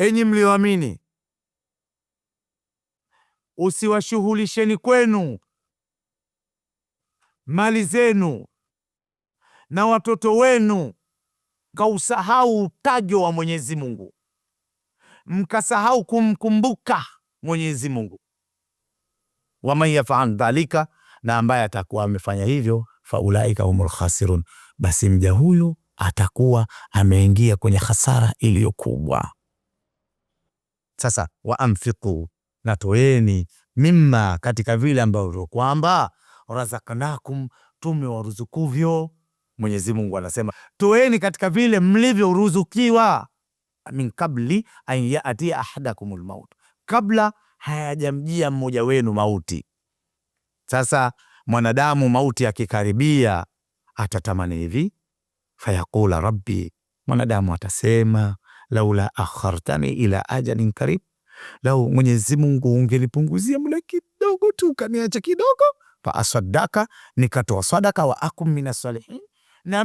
enyi mlioamini, usiwashughulisheni kwenu mali zenu na watoto wenu, kausahau utajo wa Mwenyezi Mungu, mkasahau kumkumbuka Mwenyezi Mungu. Waman yafal dhalika, na ambaye atakuwa amefanya hivyo, faulaika humul khasirun, basi mja huyu atakuwa ameingia kwenye hasara iliyo kubwa. Sasa waamfiku na toeni mimma, katika vile ambavyo kwamba razaknakum, tumewaruzukuvyo. Mwenyezi Mungu anasema toeni katika vile mlivyoruzukiwa, min kabli an yatia ahadakum lmaut, kabla hayajamjia mmoja wenu mauti. Sasa mwanadamu mauti akikaribia atatamani hivi, fayaqula rabbi, mwanadamu atasema laula akhartani ila ajalin karib, lau Mwenyezi Mungu ungelipunguzia muda kidogo tu ukaniacha kidogo, fa asadaka, nikatoa sadaka, wa akum min asalihin na